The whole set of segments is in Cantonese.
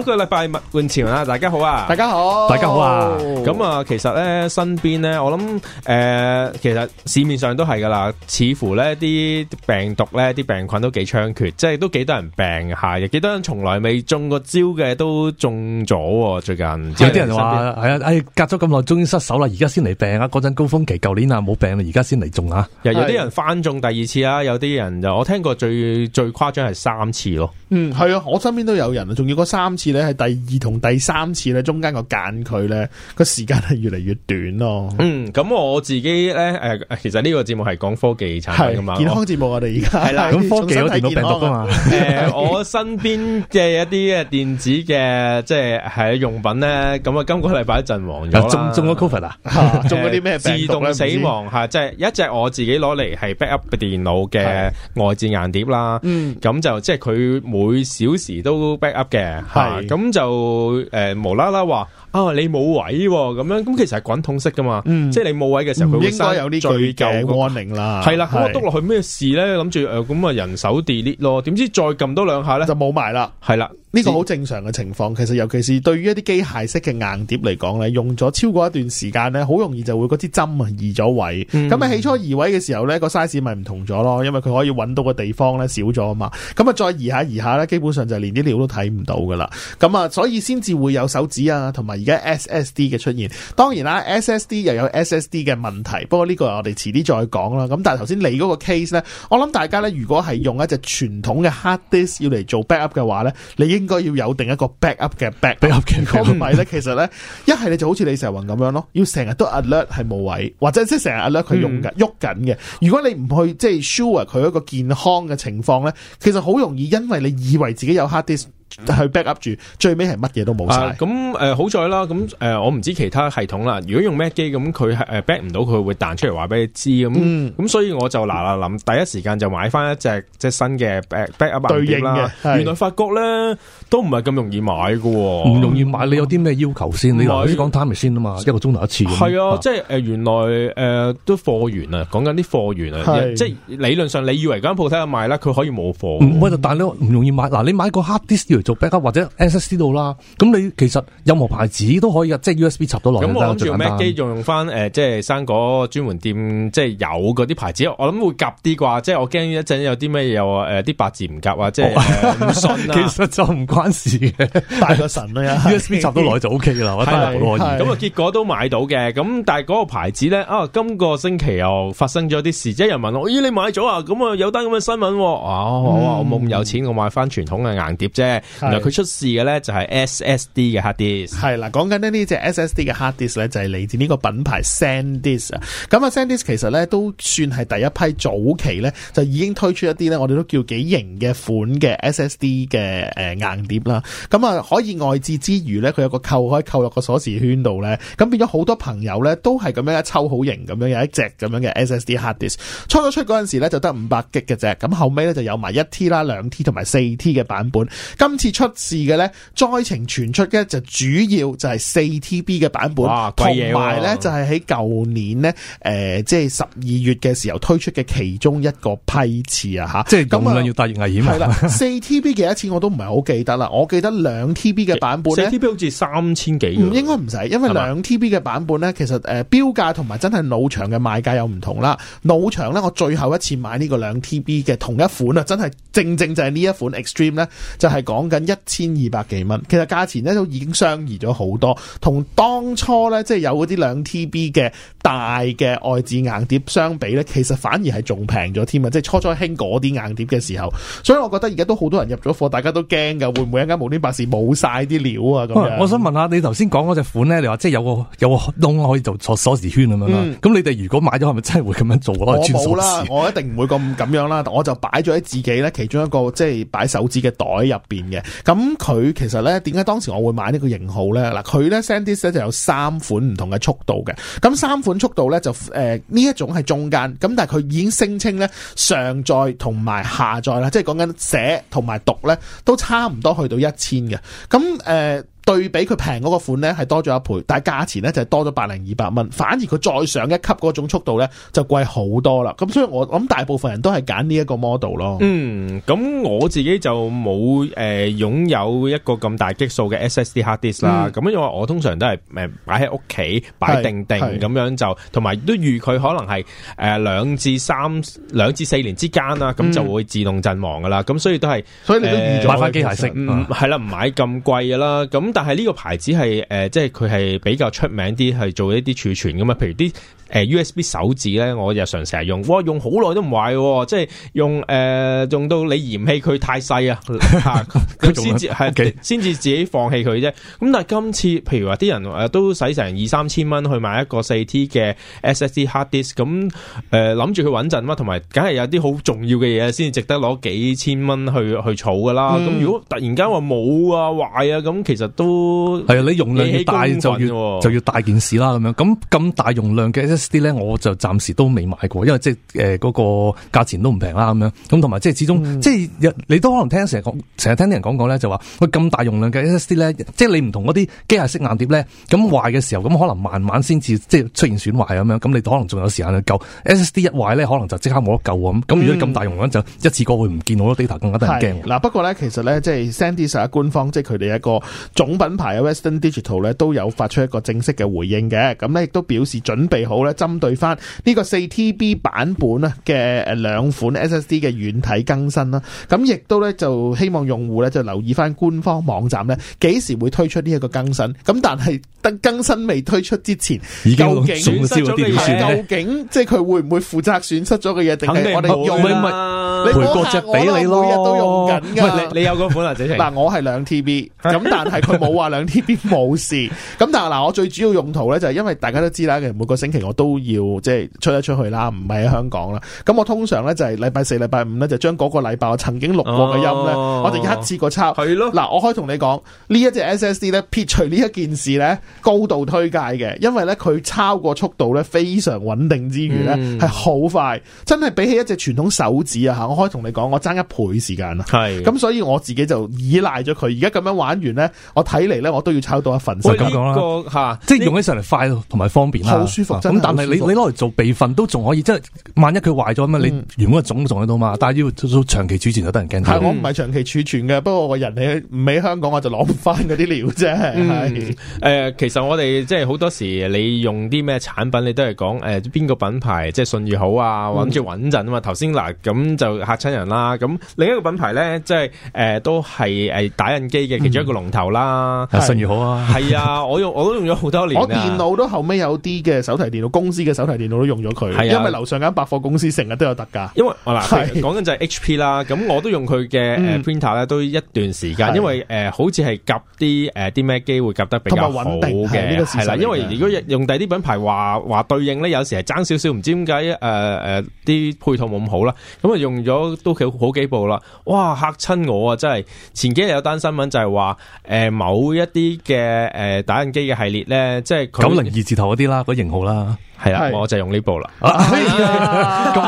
一個禮拜物玩潮人啊！大家好啊！大家好，大家好啊！咁啊，其實咧，身邊咧，我諗誒、呃，其實市面上都係噶啦，似乎咧啲病毒咧，啲病菌都幾猖獗，即係都幾多人病下，亦幾多人從來未中過招嘅都中咗。最近有啲人話係啊，邊哎，隔咗咁耐，終於失手啦，而家先嚟病啊！嗰陣高峰期，舊年啊冇病啦，而家先嚟中啊！又有啲人翻中第二次啊，有啲人就我聽過最最誇張係三次咯。嗯，係啊，我身邊都有人仲要過三次。次咧，係第二同第三次咧，中間個間距咧，個時間係越嚟越短咯。嗯，咁我自己咧，誒，其實呢個節目係講科技產品噶嘛？健康節目我哋而家係啦，咁科技有電腦病毒啊嘛！誒，我身邊嘅一啲嘅電子嘅，即係係用品咧，咁啊，今個禮拜一陣亡咗，中中咗 Covid 啊，中咗啲咩病？自動死亡吓，即係一隻我自己攞嚟係 backup 嘅電腦嘅外置硬碟啦。嗯，咁就即係佢每小時都 backup 嘅。咁就誒無啦啦話啊你冇位咁樣，咁其實係滾筒式噶嘛，嗯、即係你冇位嘅時候佢應該有啲最舊嘅安寧啦。係啦、那個，咁我篤落去咩事咧？諗住誒咁啊人手 delete 咯，點知再撳多兩下咧就冇埋啦。係啦。呢個好正常嘅情況，其實尤其是對於一啲機械式嘅硬碟嚟講咧，用咗超過一段時間咧，好容易就會嗰支針啊移咗位。咁啊、嗯、起初移位嘅時候咧，個 size 咪唔同咗咯，因為佢可以揾到個地方咧少咗啊嘛。咁啊再移下移下咧，基本上就連啲料都睇唔到噶啦。咁啊所以先至會有手指啊同埋而家 SSD 嘅出現。當然啦，SSD 又有 SSD 嘅問題，不過呢個我哋遲啲再講啦。咁但係頭先你嗰個 case 咧，我諗大家咧，如果係用一隻傳統嘅 hard disk 要嚟做 backup 嘅話咧，你應該要有定一個 backup 嘅 backup 嘅，唔係咧，其實咧，一係你就好似李石雲咁樣咯，要成日都 alert 係冇位，或者即係成日 alert 佢用嘅喐緊嘅。如果你唔去即係 sure 佢一個健康嘅情況咧，其實好容易因為你以為自己有 hard disk 去 back up 住，最尾係乜嘢都冇晒。咁誒好在啦，咁誒、呃、我唔知其他系統啦。如果用 Mac 機咁，佢係誒 back 唔到，佢會彈出嚟話俾你知咁。咁、嗯、所以我就嗱嗱臨第一時間就買翻一隻即係新嘅 back, back up 對應啦。原來發覺咧。都唔係咁容易買㗎喎，唔容易買。你有啲咩要求先？你講 Time Machine 先啊嘛，一個鐘頭一次。係啊，即係誒原來誒都貨源啊，講緊啲貨源啊，即係理論上你以為嗰間鋪頭賣啦，佢可以冇貨。唔係，但係你唔容易買。嗱，你買個 hard disk 嚟做 backup 或者 SSD 到啦，咁你其實任何牌子都可以，即係 USB 插到落。咁我諗住 Mac 機用翻誒，即係生果專門店，即係有嗰啲牌子，我諗會夾啲啩。即係我驚一陣有啲咩又誒啲八字唔夾啊，即係唔信啊。其實就唔關。嘅，時 大個神啦，U S B 插到耐就 O K 啦，是我覺得好可以。咁啊，結果都買到嘅。咁但係嗰個牌子咧，啊，今個星期又發生咗啲事，即係有人問我，咦、哎，你買咗啊？咁、嗯、啊，有單咁嘅新聞、啊。啊，我冇咁有，有錢，我買翻傳統嘅硬碟啫。原來佢出事嘅咧，就係 S S D 嘅 Hard Disk。係啦，講緊咧呢隻 S S D 嘅 Hard Disk 咧，就係嚟自呢個品牌 SanDisk。咁啊，SanDisk 其實咧都算係第一批早期咧，就已經推出一啲咧，我哋都叫幾型嘅款嘅 S S D 嘅誒硬碟。啦，咁啊可以外置之餘咧，佢有個扣可以扣落個鎖匙圈度咧，咁變咗好多朋友咧都係咁樣一抽好型咁樣有一隻咁樣嘅 SSD hard disk。抽咗出嗰陣時咧就得五百 G 嘅啫，咁後尾咧就有埋一 T 啦、兩 T 同埋四 T 嘅版本。今次出事嘅咧災情傳出嘅就主要就係四 TB 嘅版本，貴嘢。同埋咧就係喺舊年咧誒，即係十二月嘅時候推出嘅其中一個批次啊，吓，即係容量要大、啊，型危險係啦。四 TB 幾多錢我都唔係好記得啦。我記得兩 T B 嘅版本呢，四 T B 好似三千幾。唔應該唔使，因為兩 T B 嘅版本呢，吧其實誒、呃、標價同埋真係腦場嘅賣價有唔同啦。腦場呢，我最後一次買呢個兩 T B 嘅同一款啊，真係正正就係呢一款 Extreme 呢，就係講緊一千二百幾蚊。其實價錢呢，都已經相宜咗好多，同當初呢，即、就、係、是、有嗰啲兩 T B 嘅大嘅外置硬碟相比呢，其實反而係仲平咗添啊！即、就、係、是、初初興嗰啲硬碟嘅時候，所以我覺得而家都好多人入咗貨，大家都驚嘅。會會唔會一間無端白事冇晒啲料啊？咁、啊，我想問下你頭先講嗰隻款咧，你話即係有個有個窿可以做鎖鎖匙圈咁樣啦。咁、嗯、你哋如果買咗，係咪真係會咁樣做開鑽鎖啦， 我一定唔會咁咁樣啦。我就擺咗喺自己咧其中一個即係擺手指嘅袋入邊嘅。咁佢其實咧，點解當時我會買呢個型號咧？嗱，佢咧 SanDisk 呢就有三款唔同嘅速度嘅。咁三款速度咧就誒呢、呃、一種係中間，咁但係佢已經聲稱咧上載同埋下載啦，即係講緊寫同埋讀咧都差唔多。去到一千嘅，咁誒。呃對比佢平嗰個款咧，係多咗一倍，但係價錢咧就係多咗百零二百蚊，反而佢再上一級嗰種速度咧就貴好多啦。咁所以我諗大部分人都係揀呢一個 model 咯。嗯，咁我自己就冇誒擁有一個咁大級數嘅 SSD hard disk 啦。咁、嗯、因為我通常都係誒擺喺屋企擺定定咁樣就，同埋都預佢可能係誒兩至三兩至四年之間啦，咁、嗯、就會自動陣亡噶啦。咁所以都係，所以你都預咗買翻機械式，係啦、呃，唔買咁貴噶啦。咁常但係呢個牌子係誒，即係佢係比較出名啲，係做一啲儲存噶嘛。譬如啲誒、呃、USB 手指咧，我日常成日用，哇，用好耐都唔壞、啊，即係用誒、呃、用到你嫌棄佢太細啊，先至係先至自己放棄佢啫。咁但係今次譬如話啲人誒、呃、都使成二三千蚊去買一個四 T 嘅 SSD hard disk，咁誒諗住佢穩陣嘛，同埋梗係有啲好重要嘅嘢先至值得攞幾千蚊去去儲噶啦。咁、嗯、如果突然間話冇啊壞啊，咁、啊、其實都。都係啊！你容量越大就越就要大件事啦咁樣。咁咁大容量嘅 SSD 咧，我就暫時都未買過，因為即係誒嗰個價錢都唔平啦咁樣。咁同埋即係始終、嗯、即係你都可能聽成日講，成日聽啲人講講咧就話，喂，咁大容量嘅 SSD 咧，即係你唔同嗰啲機械式硬碟咧，咁壞嘅時候，咁可能慢慢先至即係出現損壞咁樣。咁你可能仲有時間去救 S S D 一壞咧，可能就即刻冇得救啊咁。咁如果咁大容量就一次過會唔見好多 data，更加得人驚。嗱、啊，不過咧其實咧即係 SanDisk 官方即係佢哋一個總品牌嘅 Western Digital 咧都有發出一個正式嘅回應嘅，咁咧亦都表示準備好咧，針對翻呢個四 TB 版本啊嘅誒兩款 SSD 嘅軟體更新啦，咁亦都咧就希望用戶咧就留意翻官方網站咧幾時會推出呢一個更新，咁但係得更新未推出之前，已經損失咗啲錢點算？究竟即係佢會唔會負責損失咗嘅嘢？定肯定唔、啊、你賠過隻俾你咯。每日都用緊噶，你你有嗰款啊？仔晴嗱，我係兩 TB，咁但係佢。冇話 兩天邊冇事咁。但係嗱，我最主要用途咧就係、是、因為大家都知啦，其實每個星期我都要即係出一出去啦，唔係喺香港啦。咁我通常咧就係禮拜四、禮拜五咧就將嗰個禮拜我曾經錄過嘅音咧，哦、我就一次過抄。係咯的，嗱，我可以同你講呢一隻 SSD 咧，撇除呢一件事咧，高度推介嘅，因為咧佢抄個速度咧非常穩定之餘咧係好快，嗯、真係比起一隻傳統手指啊嚇，我可以同你講我爭一倍時間啦。咁是所以我自己就依賴咗佢。而家咁樣玩完咧，我。睇嚟咧，我都要抄到一份身，咁講啦。吓、啊，即係用起上嚟快同埋方便啦，好舒服。咁、啊、但係你你攞嚟做備份都仲可以，即係萬一佢壞咗啊嘛，嗯、你原本個總仲喺度嘛，但係要做長期儲存就得人驚。係、嗯、我唔係長期儲存嘅，不過我人喺唔喺香港，我就攞翻嗰啲料啫。誒、嗯呃，其實我哋即係好多時，你用啲咩產品，你都係講誒邊個品牌即係信譽好啊，諗住穩陣啊嘛。頭先嗱咁就吓親人啦。咁另一個品牌咧，即係誒、呃、都係誒打印機嘅其中一個龍頭啦。嗯啊，信譽好啊，係啊，我用我都用咗好多年，我電腦都後尾有啲嘅手提電腦公司嘅手提電腦都用咗佢，係啊，因為樓上間百貨公司成日都有特價，因為嗱，講緊就係 HP 啦，咁、啊、我都用佢嘅 printer 咧、嗯，都一段時間，啊、因為誒好似係夾啲誒啲咩機會夾得比較好嘅，穩定啊這個、事實、啊，因為如果用第啲品牌話話對應咧，有時係爭少少，唔知點解誒誒啲配套冇咁好啦，咁啊用咗都好幾部啦，哇吓親我啊，真係前幾日有單新聞就係話誒好一啲嘅誒，打印機嘅系列咧，即係佢九零二字頭嗰啲啦，嗰型號啦。係啊，我就用呢部啦。咁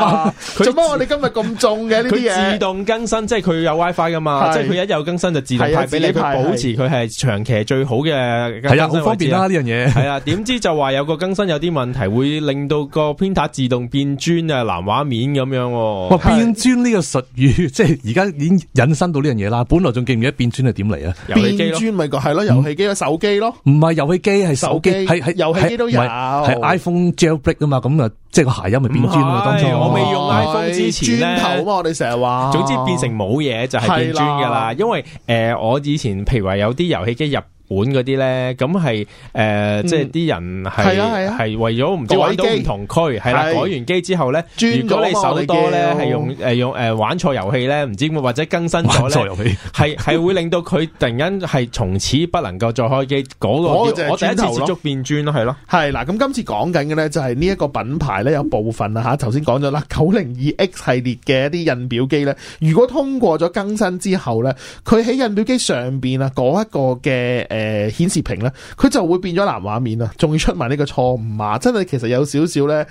佢做乜我哋今日咁重嘅呢啲嘢？佢自動更新，即係佢有 WiFi 噶嘛？即係佢一有更新就自動派俾你，佢保持佢係長期最好嘅係啦，好方便啦呢樣嘢。係啊，點知就話有個更新有啲問題，會令到個 Printer 自動變磚啊，藍畫面咁樣。變磚呢個術語，即係而家已經引申到呢樣嘢啦。本來仲記唔記得變磚係點嚟啊？變磚咪係咯，遊戲機、手機咯。唔係遊戲機，係手機，係係遊戲機都有，係 iPhone。啊嘛，咁啊即係個諧音，咪變磚啊。當初我未用 iPhone 之前咧，磚頭啊嘛，我哋成日話，總之變成冇嘢就係、是、變磚噶啦，是的 因為誒、呃、我以前譬如話有啲遊戲機入。本嗰啲咧，咁係誒，即係啲人係係為咗唔知玩道唔同區，係啦改完機之後咧，如果你手多咧，係用誒用誒玩錯遊戲咧，唔知或者更新咗咧，係係會令到佢突然間係從此不能夠再開機。嗰個就我第一次接觸變磚咯，係咯，係嗱。咁今次講緊嘅咧，就係呢一個品牌咧有部分啦吓，頭先講咗啦，九零二 X 系列嘅一啲印表機咧，如果通過咗更新之後咧，佢喺印表機上邊啊，嗰一個嘅。誒，顯、呃、示屏顯示屏咧，佢就會變咗藍畫面啊，仲要出埋呢個錯誤啊！真係其實有少少咧。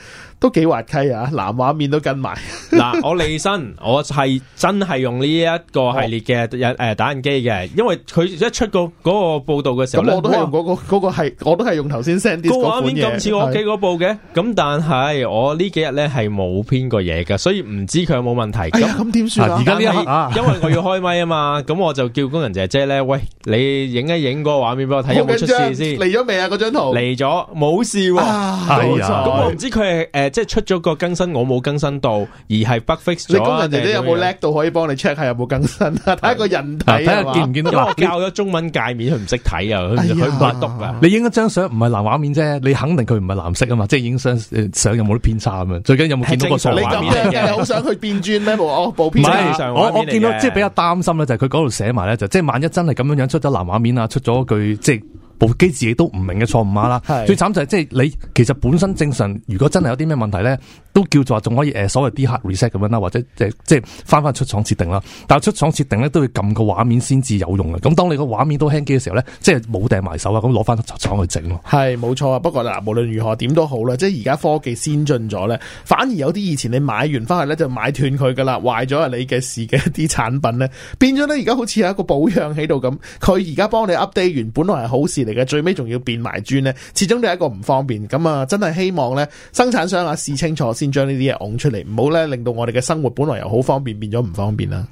都幾滑稽啊！藍畫面都跟埋。嗱，我離身，我係真係用呢一個系列嘅誒打印機嘅，因為佢一出個嗰個報道嘅時候，咁我都係用嗰個嗰個係，我都係用頭先 send 嗰款嘅。個畫面咁似我屋企嗰部嘅，咁但係我呢幾日咧係冇編過嘢嘅，所以唔知佢有冇問題。咁點算啊？而家因為因為我要開咪啊嘛，咁我就叫工人姐姐咧，喂，你影一影個畫面俾我睇有冇出事先，嚟咗未啊？嗰張圖嚟咗冇事喎，冇錯。咁我唔知佢係誒。即係出咗個更新，我冇更新到，而係 bug fix 咗。你工人姐姐有冇叻到可以幫你 check 下有冇更新啊？睇個人睇啊，見唔見到？我教咗中文界面佢唔識睇啊，佢唔、哎、呀 讀啊！你影一張相唔係藍畫面啫，你肯定佢唔係藍色啊嘛？即係影相相有冇啲偏差咁樣。最緊有冇見到個 你咁面嘅？好想佢變磚咩？部部偏是我我見到即係比較擔心咧，就係佢嗰度寫埋咧，就即、是、係萬一真係咁樣樣出咗藍畫面啊，出咗句即部機自己都唔明嘅錯誤碼啦，最慘就係即係你其實本身正常，如果真係有啲咩問題咧。都叫做話仲可以誒，所謂啲 hard reset 咁樣啦，或者即即翻翻出廠設定啦。但出廠設定咧都要撳個畫面先至有用嘅。咁當你個畫面都 hang 機嘅時候咧，即係冇掟埋手啊，咁攞翻廠去整咯。係冇錯啊。不過嗱，無論如何點都好啦，即係而家科技先進咗咧，反而有啲以前你買完翻去咧就買斷佢噶啦，壞咗你嘅事嘅一啲產品咧，變咗咧而家好似係一個保養喺度咁。佢而家幫你 update 完，本來係好事嚟嘅，最尾仲要變埋磚咧，始終都係一個唔方便。咁啊，真係希望咧生產商啊試清楚先。先將呢啲嘢拱出嚟，唔好咧令到我哋嘅生活本來又好方便，變咗唔方便啦。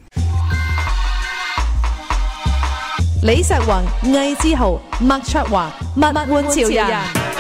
李石宏、魏志豪、麥卓華、麥麥換潮人。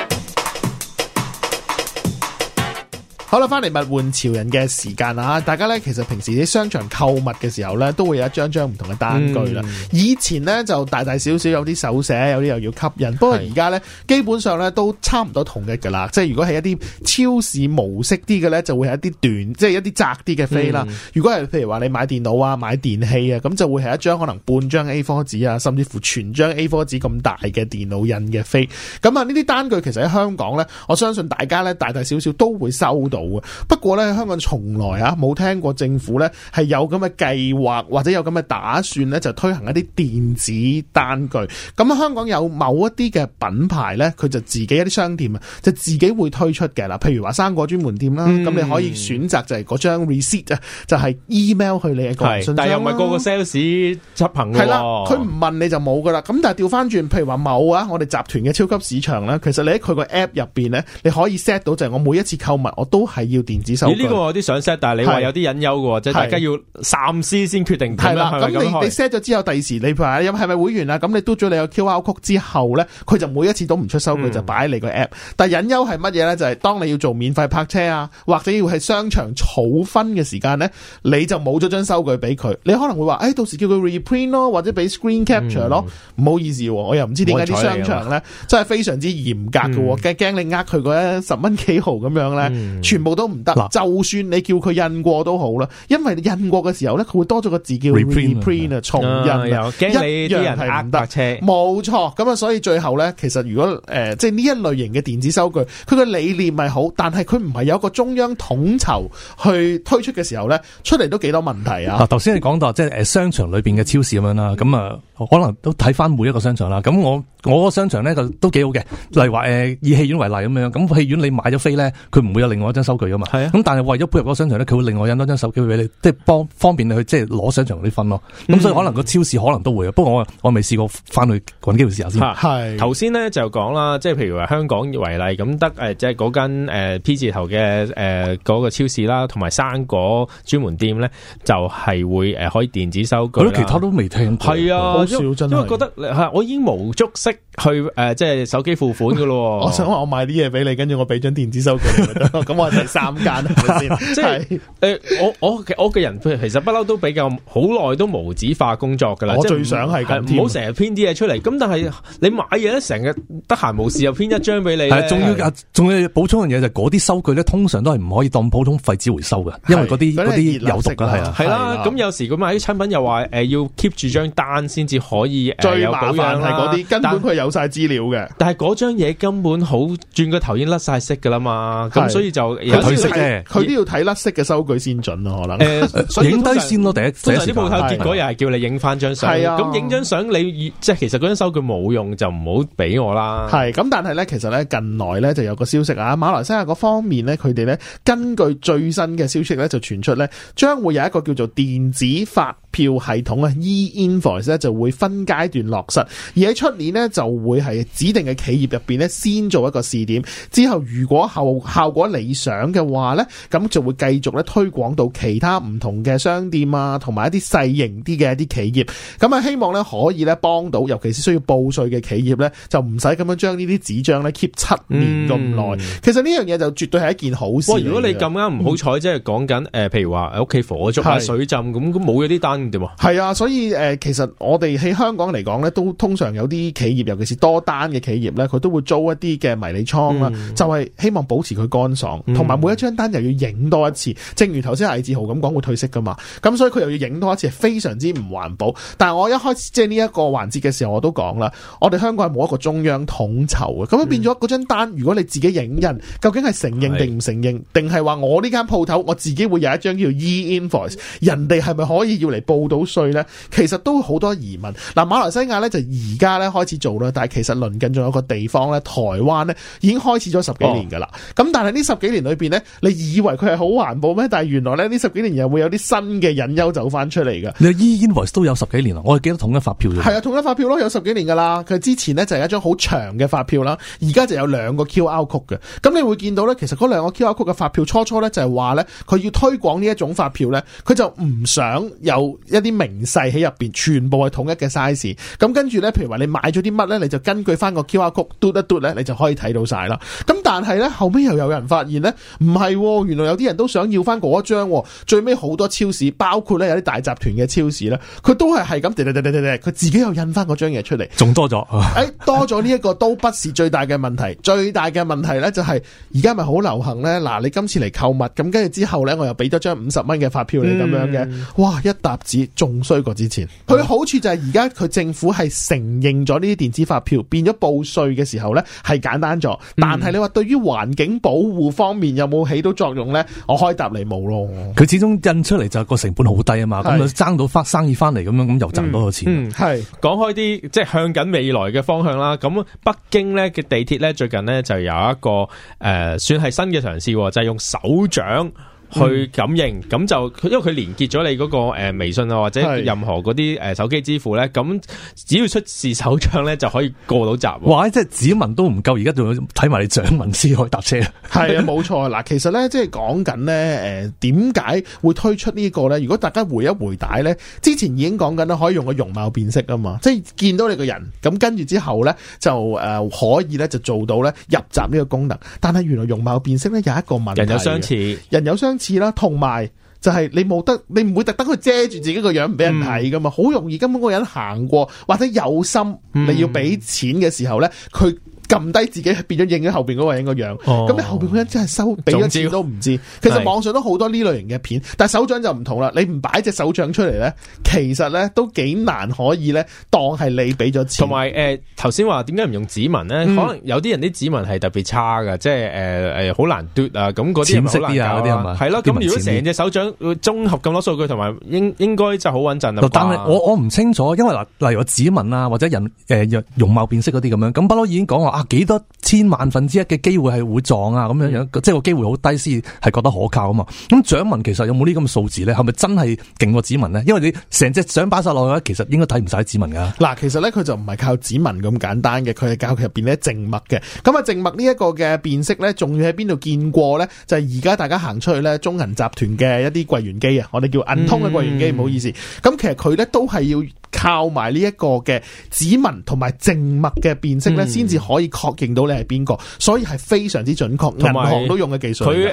好啦，翻嚟物玩潮人嘅時間啦，大家呢，其實平時喺商場購物嘅時候呢，都會有一張張唔同嘅單據啦。嗯、以前呢，就大大少少有啲手寫，有啲又要吸引。不過而家呢，基本上呢，都差唔多同一噶啦。即係如果係一啲超市模式啲嘅呢，就會係一啲短，即、就、係、是、一啲窄啲嘅飛啦。嗯、如果係譬如話你買電腦啊、買電器啊，咁就會係一張可能半張 A4 紙啊，甚至乎全張 A4 紙咁大嘅電腦印嘅飛。咁啊，呢啲單據其實喺香港呢，我相信大家呢，大大少少都會收到。不過咧，香港從來啊，冇聽過政府咧係有咁嘅計劃或者有咁嘅打算咧，就推行一啲電子單據。咁香港有某一啲嘅品牌咧，佢就自己一啲商店啊，就自己會推出嘅啦。譬如話生果專門店啦，咁、嗯、你可以選擇就係嗰張 receipt 啊，就係 email 去你一個信。係，但又唔係個個 sales 執行嘅、啊。係啦，佢唔問你就冇噶啦。咁但係調翻轉，譬如話某啊，我哋集團嘅超級市場啦，其實你喺佢個 app 入邊咧，你可以 set 到就係我每一次購物我都。係要電子收據。咦？呢、這個我有啲想 set，但係你話有啲隱憂嘅，的即係大家要三思先決定。係啦的，咁你你 set 咗之後，第二時你話有係咪會員啊？咁你嘟咗你個 QR code 之後咧，佢就每一次都唔出收據，嗯、就擺你個 app。但係隱憂係乜嘢咧？就係、是、當你要做免費泊車啊，或者要喺商場儲分嘅時間咧，你就冇咗張收據俾佢。你可能會話：哎，到時叫佢 reprint 咯，或者俾 screen capture 咯。唔、嗯、好意思，我又唔知點解啲商場咧真係非常之嚴格嘅，驚驚、嗯、你呃佢一十蚊幾毫咁樣咧，嗯全部都唔得，就算你叫佢印過都好啦，因為印過嘅時候咧，佢會多咗個字叫 reprint，重印啊，驚人係唔得車，冇錯，咁啊，所以最後咧，其實如果誒、呃，即係呢一類型嘅電子收據，佢嘅理念係好，但係佢唔係有一個中央統籌去推出嘅時候咧，出嚟都幾多問題啊。嗱、啊，頭先你講到即係誒，商場裏邊嘅超市咁樣啦，咁啊，可能都睇翻每一個商場啦。咁我我個商場咧就都幾好嘅，例如話誒、呃、以戲院為例咁樣，咁戲院你買咗飛咧，佢唔會有另外一張。收據噶嘛，咁、啊、但係為咗配合嗰商場咧，佢會另外印多張手機俾你，即係幫方便你去即係攞商場嗰啲分咯。咁、嗯、所以可能個超市可能都會啊，不過我我未試過翻去搵機會試下先。係頭先咧就講啦，即係譬如話香港為例，咁得誒即係間誒 P 字頭嘅誒嗰個超市啦，同埋生果專門店咧，就係、是、會誒、呃、可以電子收據。我覺得其他都未聽係啊，啊因為好真的、啊、因為覺得、啊、我已經無足識。去誒，即係手機付款噶咯。我想話我買啲嘢俾你，跟住我俾張電子收據。咁我係第三間，係咪先？即係誒，我我屋企人其實不嬲都比較好耐都無紙化工作噶啦。我最想係咁，唔好成日編啲嘢出嚟。咁但係你買嘢咧，成日得閒無事又編一張俾你。仲要仲要補充樣嘢就嗰啲收據咧，通常都係唔可以當普通廢紙回收㗎，因為嗰啲嗰啲有毒噶係係啦，咁有時佢買啲產品又話誒要 keep 住張單先至可以。最麻煩係嗰啲，根本有晒資料嘅，但係嗰張嘢根本好轉個頭已經甩晒色噶啦嘛，咁是所以就褪色嘅，佢都要睇甩色嘅收據先準咯，可能。誒，影低先咯，第一。通常啲鋪頭結果又係叫你影翻張相，咁影張相你即係其實嗰張收據冇用，就唔好俾我啦。係咁，但係咧，其實咧，近來咧就有個消息啊，馬來西亞嗰方面咧，佢哋咧根據最新嘅消息咧，就傳出咧，將會有一個叫做電子發票系統啊，e invoice 咧就會分階段落實，而喺出年咧就。會係指定嘅企業入邊咧，先做一個試點，之後如果效效果理想嘅話咧，咁就會繼續咧推廣到其他唔同嘅商店啊，同埋一啲細型啲嘅一啲企業。咁啊，希望咧可以咧幫到，尤其是需要報稅嘅企業咧，就唔使咁樣將呢啲紙張咧 keep 七年咁耐。嗯、其實呢樣嘢就絕對係一件好事。如果你咁啱唔好彩，嗯、即係講緊誒，譬如話喺屋企火燭是水浸咁，咁冇咗啲單嘅喎。係啊，所以誒、呃，其實我哋喺香港嚟講咧，都通常有啲企業入。是多單嘅企業呢，佢都會租一啲嘅迷你倉啦，嗯、就係希望保持佢乾爽，同埋，嗯、每一張單又要影多一次。嗯、正如頭先艾志豪咁講，會褪色噶嘛，咁所以佢又要影多一次，係非常之唔環保。但係我一開始即係呢一個環節嘅時候，我都講啦，我哋香港係冇一個中央統籌嘅，咁樣變咗嗰張單，如果你自己影印，究竟係承認定唔承認，定係話我呢間鋪頭我自己會有一張叫做 e invoice，人哋係咪可以要嚟報到稅呢？其實都好多疑問。嗱、啊，馬來西亞呢，就而家呢開始做啦。但係其實鄰近仲有一個地方咧，台灣咧已經開始咗十幾年噶啦。咁、oh. 但係呢十幾年裏面咧，你以為佢係好環保咩？但係原來咧呢十幾年又會有啲新嘅隱憂走翻出嚟嘅。你依、e、都有十幾年啊？我係記得統一發票。係啊，統一發票咯，有十幾年噶啦。佢之前咧就係一張好長嘅發票啦，而家就有兩個 QR code 嘅。咁你會見到咧，其實嗰兩個 QR code 嘅發票初初咧就係話咧，佢要推廣呢一種發票咧，佢就唔想有一啲明細喺入面，全部係統一嘅 size。咁跟住咧，譬如話你買咗啲乜咧？你就根據翻個 QR Code 嘟一嘟，咧，你就可以睇到晒啦。咁但係咧，後尾又有人發現咧，唔係，原來有啲人都想要翻嗰一張喎。最尾好多超市，包括咧有啲大集團嘅超市咧，佢都係係咁，喋喋喋喋喋，佢自己又印翻嗰張嘢出嚟，仲多咗。誒，多咗呢一個都不是最大嘅問題， 最大嘅問題咧就係而家咪好流行咧。嗱，你今次嚟購物，咁跟住之後咧，我又俾多張五十蚊嘅發票你咁樣嘅，嗯、哇！一沓紙仲衰過之前。佢、啊、好處就係而家佢政府係承認咗呢啲電子。發票變咗報稅嘅時候咧，係簡單咗。但係你話對於環境保護方面有冇起到作用咧？我開答你冇咯。佢始終印出嚟就係個成本好低啊嘛，咁就爭到翻生意翻嚟咁樣，咁又賺到好多錢嗯。嗯，係講開啲即係向緊未來嘅方向啦。咁北京咧嘅地鐵咧最近咧就有一個誒、呃，算係新嘅嘗試，就係、用手掌。嗯、去感應咁就，因為佢連結咗你嗰個微信啊，或者任何嗰啲手機支付咧，咁是的 只要出示手掌咧就可以過到閘。哇！即係指紋都唔夠，而家仲要睇埋你掌紋先可以搭車、嗯。 係啊，冇錯。嗱，其實咧即係講緊咧誒點解會推出呢個咧？如果大家回一回帶咧，之前已經講緊咧可以用個容貌辨識啊嘛，即係見到你個人，咁跟住之後咧就誒可以咧就做到咧入閘呢個功能。但係原來容貌辨識咧有一個問題，人有相似，人有相似。次啦，同埋就係你冇得，你唔會特登去遮住自己個樣唔俾人睇噶嘛，好、嗯、容易根本個人行過或者有心你要俾錢嘅時候咧，佢。撳低自己，變咗影咗後邊嗰個人個樣。咁、哦、你後邊嗰人真係收俾咗錢都唔知。之其實網上都好多呢類型嘅片，是但係手掌就唔同啦。你唔擺隻手掌出嚟咧，其實咧都幾難可以咧當係你俾咗錢。同埋誒，頭先話點解唔用指紋咧？嗯、可能有啲人啲指紋係特別差噶，即係誒誒、好、呃呃、難 do 啊。咁嗰啲好難搞啊。係咯了，咁、嗯、如果成隻手掌綜合咁多數據，同埋應應該就好穩陣啦。但係我我唔清楚，因為嗱，例如我指紋啊，或者人誒、呃、容貌辨識嗰啲咁樣，咁不嬲已經講話、啊啊、幾多千萬分之一嘅機會係會撞啊咁樣樣，即係個機會好低先係覺得可靠啊嘛。咁掌紋其實有冇呢咁嘅數字咧？係咪真係勁過指紋咧？因為你成隻掌擺晒落去，話，其實應該睇唔晒指紋噶。嗱，其實咧佢就唔係靠指紋咁簡單嘅，佢係靠入邊咧靜脈嘅。咁啊，靜脈呢一個嘅辨識咧，仲要喺邊度見過咧？就係而家大家行出去咧，中銀集團嘅一啲櫃員機啊，我哋叫銀通嘅櫃員機，唔、嗯、好意思。咁其實佢咧都係要。靠埋呢一個嘅指紋同埋靜脈嘅辨識咧，先至可以確認到你係邊個，嗯、所以係非常之準確。銀有行都用嘅技術。佢誒，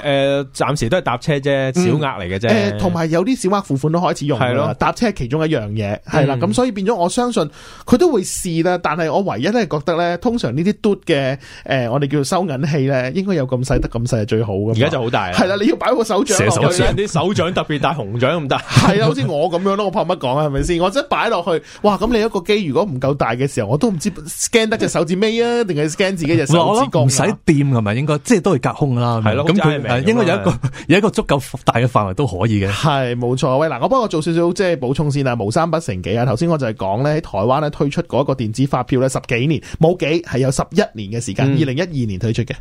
暫、呃、時都係搭車啫，小額嚟嘅啫。誒、嗯，同、呃、埋有啲小額付款都開始用係咯，搭的車係其中一樣嘢，係啦、嗯。咁所以變咗，我相信佢都會試啦。但係我唯一咧覺得咧，通常呢啲嘟嘅誒，我哋叫做收銀器咧，應該有咁細得咁細係最好嘅。而家就好大。係啦，你要擺個手掌手，啲去 手掌特別大，紅掌咁大，係啊， 好似我咁樣咯，我怕乜講啊？係咪先？我真係擺落去。哇！咁你一個機如果唔夠大嘅時候，我都唔知 scan 得隻手指尾啊，定係 scan 自己隻手指光？唔使掂係咪應該？即係都係隔空啦。係咯，咁佢應該有一個有一個足夠大嘅範圍都可以嘅。係冇錯。喂，嗱，我幫我做少少即係補充先啦。無三不成幾啊！頭先我就係講咧喺台灣咧推出嗰一個電子發票咧，十幾年冇幾係有十一年嘅時間，二零一二年推出嘅。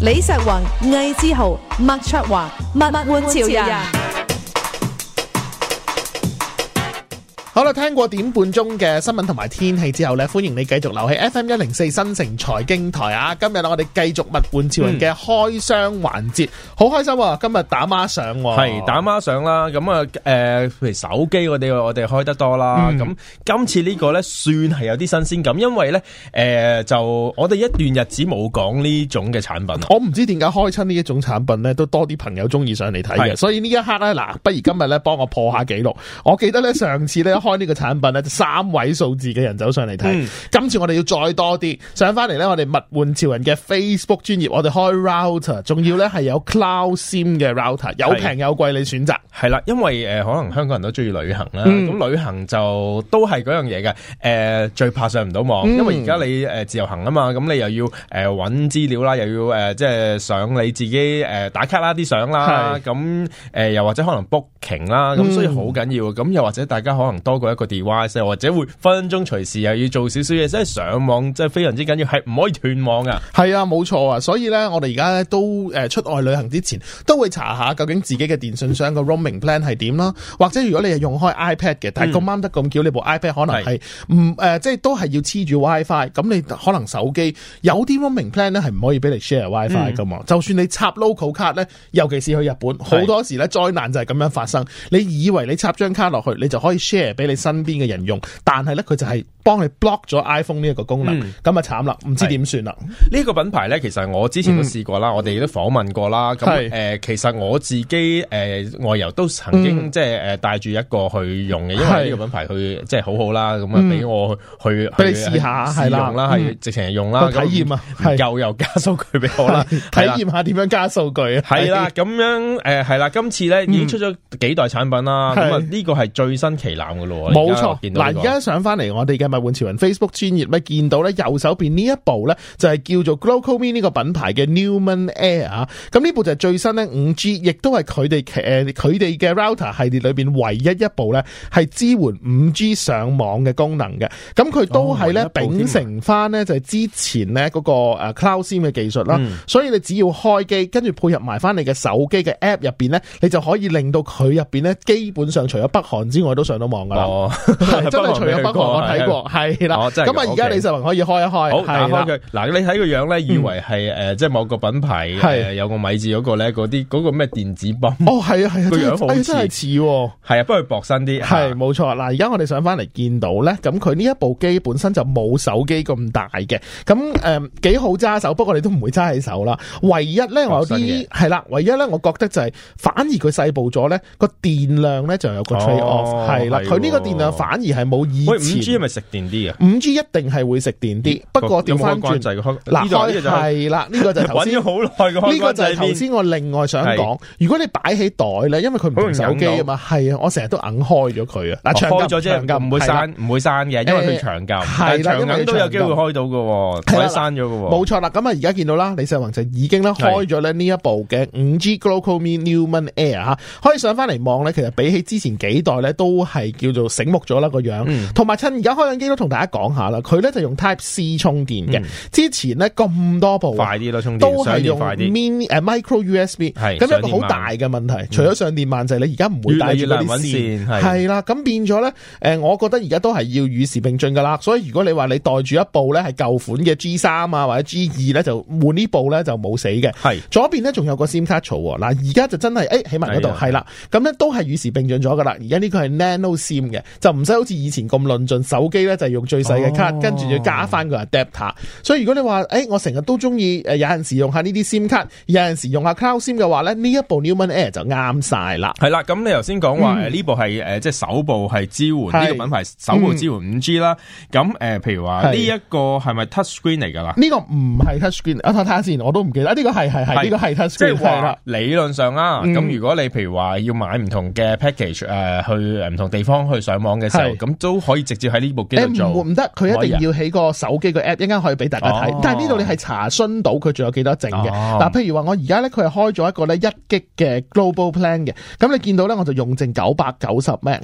李石宏、魏之豪、麥卓華、麥麥換潮人。好啦，聽過點半鐘嘅新聞同埋天氣之後呢，歡迎你繼續留喺 FM 一零四新城財經台啊！今日我哋繼續物玩潮人嘅開箱環節，好、嗯、開心啊！今日打孖上、啊，係打孖上啦。咁、嗯、啊，誒，譬、呃、如手機嗰啲，我哋開得多啦。咁、嗯、今次呢個呢，算係有啲新鮮感，因為呢，誒、呃，就我哋一段日子冇講呢種嘅產品，我唔知點解開親呢一種產品呢，都多啲朋友中意上嚟睇嘅。的所以呢一刻呢，嗱，不如今日呢，幫我破下記錄。我記得呢， 上次呢。開呢個產品咧，就是、三位數字嘅人走上嚟睇。嗯、今次我哋要再多啲上翻嚟咧，我哋物玩潮人嘅 Facebook 專頁，我哋開 router，仲要咧係有 cloud sim 嘅 router，有平有貴你選擇。係啦，因為誒、呃、可能香港人都中意旅行啦，咁、嗯、旅行就都係嗰樣嘢嘅。誒、呃，最怕上唔到網，嗯、因為而家你誒自由行啊嘛，咁你又要誒搵資料啦，又要誒、呃、即係上你自己誒打卡啦啲相啦，咁誒是、呃、又或者可能 booking 啦，咁、嗯、所以好緊要。咁又或者大家可能多過一個 d i 或者會分分鐘隨時又要做少少嘢，即係上網，即係非常之緊要，係唔可以斷網噶。係啊，冇錯啊，所以呢，我哋而家都誒出外旅行之前，都會查下究竟自己嘅電信商個 roaming plan 係點啦。或者如果你係用開 iPad 嘅，但係咁啱得咁巧，嗯、你部 iPad 可能係唔誒，即係都係要黐住 WiFi。咁你可能手機有啲 roaming plan 咧，係唔可以俾你 share WiFi 噶嘛。嗯、就算你插 local 卡呢，尤其是去日本，好多時呢，災難就係咁樣發生。你以為你插張卡落去，你就可以 share 俾你身邊嘅人用，但係咧佢就係幫你 block 咗 iPhone 呢一個功能，咁啊慘啦，唔知點算啦。呢個品牌咧，其實我之前都試過啦，我哋都訪問過啦。咁誒，其實我自己誒外遊都曾經即係誒帶住一個去用嘅，因為呢個品牌佢即係好好啦。咁啊，俾我去去俾你試下，係啦，係直情用啦，體驗啊，又又加數據俾我啦，體驗下點樣加數據啊。係啦，咁樣誒係啦，今次咧已經出咗幾代產品啦，咁啊呢個係最新旗艦冇錯，嗱、這個，而家上翻嚟我哋嘅物玩潮人 Facebook 專頁，咪、嗯、見到咧右手邊呢一部咧，就係叫做 GlocalMe 呢個品牌嘅 Numen Air 啊，咁呢部就係最新咧五 G，亦都係佢哋誒佢哋嘅 Router 系列裏邊唯一一部咧係支援五 G 上網嘅功能嘅，咁佢都係咧秉承翻咧就係之前咧嗰個誒 Cloud SIM 嘅技術啦，所以你只要開機跟住配合埋翻你嘅手機嘅 App 入邊咧，你就可以令到佢入邊咧基本上除咗北韓之外都上到網噶。哦，真係除咗北韓我睇過，係啦。咁啊，而家李世民可以開一開，好嗱，你睇個樣咧，以為係誒，即係某個品牌，係有個米字嗰個咧，嗰啲嗰個咩電子泵。哦，係啊，係啊，個樣真係似。係啊，不過佢薄身啲。係，冇錯。嗱，而家我哋上翻嚟見到咧，咁佢呢一部機本身就冇手機咁大嘅，咁誒幾好揸手，不過你都唔會揸起手啦。唯一咧我有啲係啦，唯一咧我覺得就係反而佢細部咗咧，個電量咧就有個 trade off。係啦，佢呢。呢個電量反而係冇以前。喂，五 G 係咪食電啲啊？五 G 一定係會食電啲，不過調翻轉。就係啦，呢個就係揾咗好耐。呢個就係頭先我另外想講。如果你擺起袋咧，因為佢唔用手機啊嘛。係啊，我成日都揞開咗佢啊。嗱，長夾唔會閂唔會閂嘅，因為佢長夾。係啦，長夾都有機會開到嘅，或者閂咗嘅。冇錯啦。咁啊，而家見到啦，李世宏就已經咧開咗咧呢一部嘅五 G GlocalMe Numen Air 嚇，可以上翻嚟望咧。其實比起之前幾代咧，都係叫做。就醒目咗啦，個樣，同埋趁而家開緊機都同大家講下啦，佢咧就用 Type C 充電嘅，之前咧咁多部快啲咯充都係用 Mini 誒 Micro USB，係咁一個好大嘅問題，除咗上電慢就係你而家唔會越嚟越亂搵綫，係啦，咁變咗咧誒，我覺得而家都係要與時並進噶啦，所以如果你話你袋住一部咧係舊款嘅 G 三啊或者 G 二咧就換呢部咧就冇死嘅。係左邊咧仲有個 SIM 卡槽，嗱而家就真係誒起埋嗰度係啦，咁咧都係與時並進咗噶啦，而家呢個係 Nano SIM。嘅就唔使好似以前咁論盡手機咧，就係用最細嘅卡，哦、跟住要加翻個 adapter。所以如果你話誒、欸、我成日都中意誒有陣時用下呢啲 sim 卡，有陣時用下 cloud sim 嘅話咧，呢一部 Numen Air 就啱晒啦。係啦，咁你頭先講話誒呢、嗯、部係誒、呃、即係首部係支援呢係個品牌首部支援五 G 啦。咁、嗯、誒、呃、譬如話呢一個係咪 touch screen 嚟㗎啦？呢個唔係 touch screen 啊。啊睇下先，我都唔記得。呢、呢個係係係呢個係 touch screen。即係話理論上啦，咁、嗯、如果你譬如話要買唔同嘅 package 誒、呃、去唔同地方去。上網嘅時候，咁都是可以直接喺呢部機度做。唔得，佢、欸、一定要起個手機個 app 一陣可以俾大家睇。但係呢度你係查詢到佢仲有幾多剩嘅。嗱、哦，譬如話我而家咧，佢係開咗一個咧一 G 嘅 global plan 嘅。咁你見到咧，我就用剩九百九十 m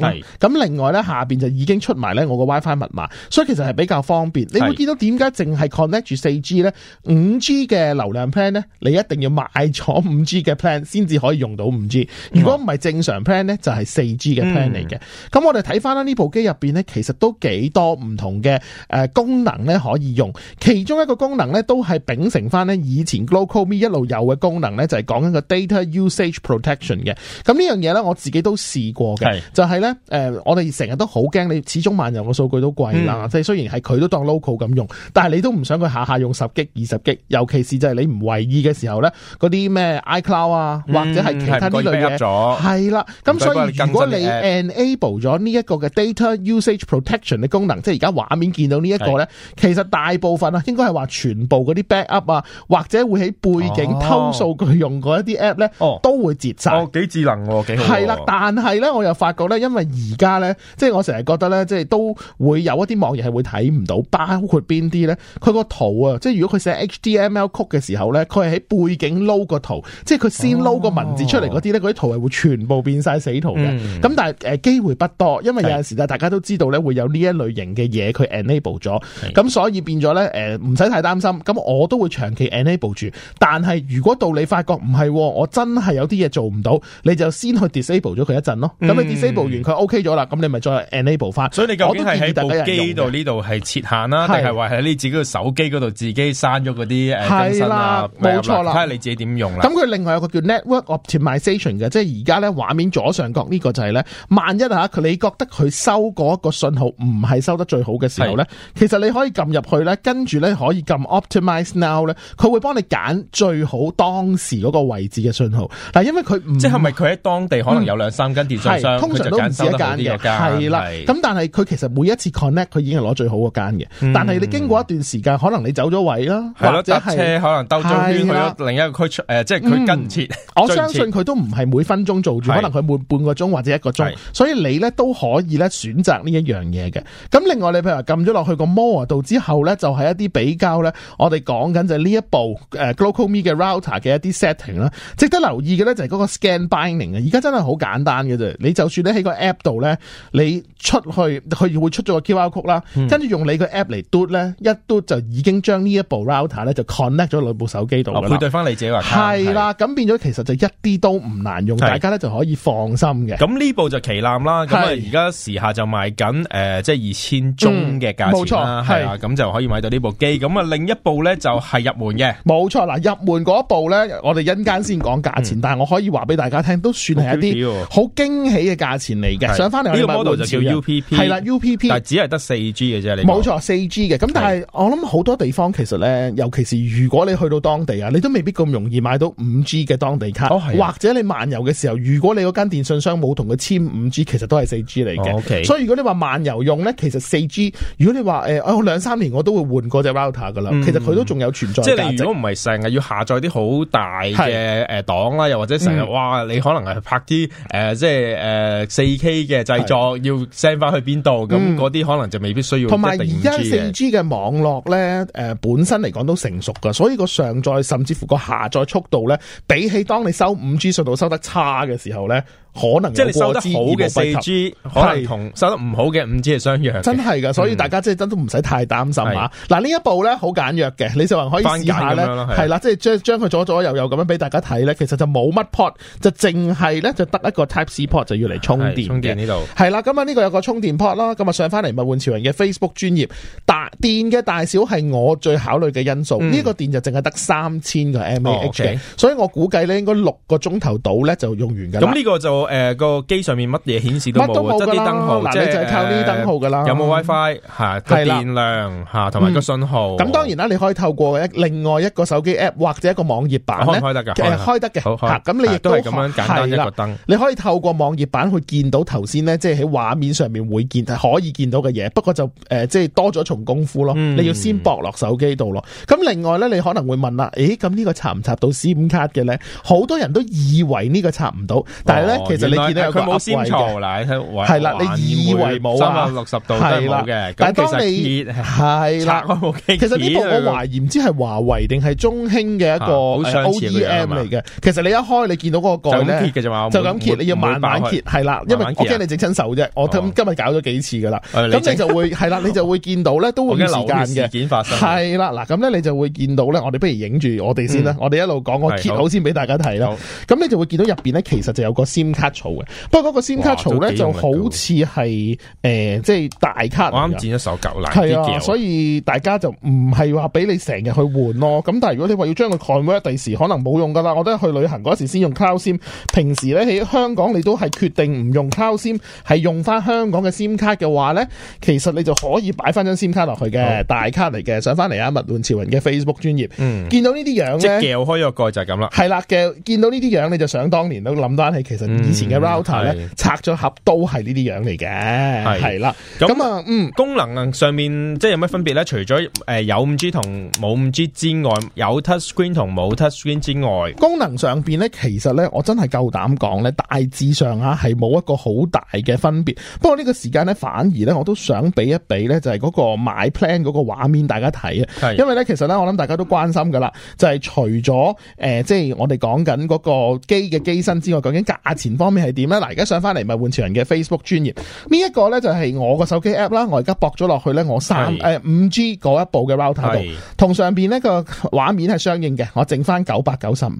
咁是另外咧下邊就已經出埋咧我個 WiFi 密碼，所以其實係比較方便。你會見到點解淨係 connect 住四 G 咧？五 G 嘅流量 plan 咧，你一定要買咗五 G 嘅 plan 先至可以用到五 G。如果唔係正常 plan 咧，就係四 G 嘅 plan 嚟嘅。咁我。睇翻啦，呢部機入邊咧，其實都幾多唔同嘅誒、呃、功能咧可以用。其中一個功能咧，都係秉承翻咧以前 GlocalMe 一路有嘅功能咧，就係講緊個 data usage protection 嘅。咁呢樣嘢咧，我自己都試過嘅，是就係咧誒，我哋成日都好驚你始終漫遊嘅數據都貴啦。即係、嗯、雖然係佢都當 local 咁用，但係你都唔想佢下下用十 G、二十 G，尤其是就係你唔為意嘅時候咧，嗰啲咩 iCloud 啊、嗯、或者係其他呢類嘢，係、嗯、啦。咁、嗯、所以，以如果你 enable 咗。呢一個嘅 data usage protection 嘅功能，即係而家畫面見到呢、這、一個咧，是其實大部分啊，應該係話全部啲 backup 啊，或者會喺背景、哦、偷數據用嗰一啲 app 咧，哦都會截曬、哦。哦，幾智能喎，幾好的。係啦，但係咧，我又發覺咧，因為而家咧，即係我成日覺得咧，即係都會有一啲網頁係會睇唔到，包括邊啲咧？佢個圖啊，即係如果佢寫 HTML 曲嘅時候咧，佢係喺背景 load 個圖，即係佢先 load 個文字出嚟啲咧，嗰啲、哦、圖係會全部變晒死圖嘅。咁、嗯、但係誒、呃、機會不多。因為有陣時咧，大家都知道咧，會有呢一類型嘅嘢，佢 enable 咗，咁所以變咗咧，誒，唔使太擔心。咁我都會長期 enable 住，但係如果到你發覺唔係，我真係有啲嘢做唔到，你就先去 disable 咗佢一陣咯。咁、嗯、你 disable 完佢 OK 咗啦，咁你咪再 enable 翻。所以你究竟係喺部機度呢度係設限啦，定係話喺你自己個手機嗰度自己刪咗嗰啲更新啊？冇錯啦，睇下你自己點用啦。咁佢另外有個叫 network optimization 嘅，即係而家咧，畫面左上角呢個就係、是、咧，萬一佢、啊、你。覺得佢收嗰個信號唔係收得最好嘅時候呢，其實你可以撳入去呢，跟住呢可以撳 Optimize Now 呢。佢會幫你揀最好當時嗰個位置嘅信號。嗱，因為佢唔知係咪佢喺當地可能有兩三間電訊商，通常都唔止一間嘅。係啦，咁但係佢其實每一次 Connect 佢已經係攞最好嗰間嘅。但係你經過一段時間，可能你走咗位啦。或者架車可能兜咗圈去咗另一個區出，即係佢跟唔切。我相信佢都唔係每分鐘做住，可能佢每半個鐘或者一個鐘。所以你呢，都可以咧選擇呢一樣嘢嘅。咁另外你譬如話撳咗落去個 mode 度之後咧，就係、是、一啲比較咧。我哋講緊就係呢一部誒 GlocalMe 嘅 Router 嘅一啲 setting 啦。值得留意嘅咧就係嗰個 Scan Binding 啊。而家真係好簡單嘅啫。你就算你喺個 App 度咧，你出去佢會出咗個 QR code 啦、嗯，跟住用你個 App 嚟嘟咧，一嘟就已經將呢一部 Router 咧就 connect 咗落部手機度啦、哦。配對翻你自己話係啦。咁是變咗其實就一啲都唔難用，是大家咧就可以放心嘅。咁呢部就旗艦啦。咁而家時下就賣緊誒，即係二千中嘅價錢啦，係啊，咁就可以買到呢部機。咁啊，另一部咧就係入門嘅。冇錯，入門嗰部咧，我哋一陣先講價錢，但係我可以話俾大家聽，都算係一啲好驚喜嘅價錢嚟嘅。上翻嚟呢個 model 就叫 U P P，係啦，U P P，但只係得四 G 嘅啫。冇錯，四 G 嘅。咁但係我諗好多地方其實咧，尤其是如果你去到當地啊，你都未必咁容易買到五 G 嘅當地卡，或者你漫遊嘅時候，如果你嗰間電信商冇同佢簽五 G，其實都係四 G。嚟嘅，Okay. 所以如果你話漫遊用咧，其實四 G，如果你話誒，我、呃、兩三年我都會換過隻 router 噶啦，嗯、其實佢都仲有存在。即係你如果唔係成日要下載啲好大嘅誒檔啦，是又或者成日、嗯、哇，你可能係拍啲誒、呃、即係誒四 K 嘅製作是要 send 翻去邊度，咁嗰啲可能就未必需要。同埋、嗯、而家四 G 嘅網絡咧，誒、呃、本身嚟講都成熟噶，所以個上載甚至乎個下載速度咧，比起當你收五 G 信號收得差嘅時候咧。可能即係你收得好嘅四 G，可能同收得唔好嘅五 G 係相若，真係噶，所以大家即係真都唔使太擔心吓。嗱呢一部咧好簡約嘅，你就話可以試下咧，係啦，即係將將佢左左右右咁樣俾大家睇咧，其實就冇乜 pot 就淨係咧就得一個 Type C pot 就要嚟充電充電呢度，係啦。咁啊呢個有個充電 pot 啦，咁啊上翻嚟物玩潮人嘅 Facebook 專頁，大電嘅大小係我最考慮嘅因素。呢個電就淨係得三千個 mAh，所以我估計咧應該六個鐘頭到咧就用完噶。咁呢個就。誒，個機上面乜嘢顯示都冇，冇係啲燈號，嗱，你就係靠呢啲燈號噶啦。有冇 WiFi？係，電量吓，同埋個信號。咁當然啦，你可以透過另外一個手機 app 或者一個網頁版咧，其實開得嘅。好，咁你亦都係咁樣簡單一個燈。你可以透過網頁版去見到頭先呢，即係喺畫面上面會見，係可以見到嘅嘢。不過就誒，即係多咗重功夫咯，你要先駁落手機度咯。咁另外咧，你可能會問啦，誒，咁呢個插唔插到 SIM 卡嘅咧？好多人都以為呢個插唔到，但係咧，其實你見到佢冇先錯啦，係啦，你以為冇啊，三百六十度都冇，但係你，實係啦，其實呢部我懷疑唔知係華為定係中興嘅一個 OEM 嚟嘅。其實你一開你見到嗰個咧就咁揭，就咁揭，你要慢慢揭，係啦，因為我驚你整親手啫。我今日搞咗幾次噶啦，咁你就會係啦，你就會見到咧，都會有流血事件發生。係啦，嗱，咁咧你就會見到咧，我哋不如影住我哋先啦，我哋一路講，我揭好先俾大家睇啦。咁你就會見到入邊咧，其實就有個尖。卡槽嘅，不過嗰個 sim 卡槽咧就好似係誒，呃嗯、即係大卡。我啱剪咗手狗啦、啊，所以大家就唔係話俾你成日去換咯。咁但係如果你話要將個 convert 第時可能冇用噶啦。我都係去旅行嗰時先用 cloud sim，平時咧喺香港你都係決定唔用 cloud sim，係用翻香港嘅 sim 卡嘅話咧，其實你就可以擺翻張 sim 卡落去嘅好大卡嚟嘅，上翻嚟啊！物玩潮人嘅 Facebook 專頁，嗯見，見到呢啲樣咧，撬開個蓋就係咁啦，係啦嘅。見到呢啲樣你就想當年都諗翻起，其實、嗯。以前嘅 router 咧拆咗盒都係呢啲樣嚟嘅，係啦咁啊，嗯，功能上面即係有咩分別咧？除咗誒有五 G 同冇五 G 之外，有 Touch Screen 同冇 Touch Screen 之外，功能上邊咧，其實咧我真係夠膽講咧，大致上吓係冇一個好大嘅分別。不過呢個時間咧，反而咧我都想俾一俾咧，就係嗰個買 plan 嗰個畫面，大家睇啊，係因為咧其實咧我諗大家都關心噶啦，就係、是、除咗誒即係我哋講緊嗰個機嘅機身之外，究竟價錢。方面係點咧？嗱，而家上翻嚟咪物玩潮人嘅 Facebook 專頁呢一個咧是，就係我個手機 app 啦。我而家駁咗落去咧，我三誒五 G 嗰一部嘅 router 度，是同上邊呢個畫面係相應嘅。我剩翻九百九十 m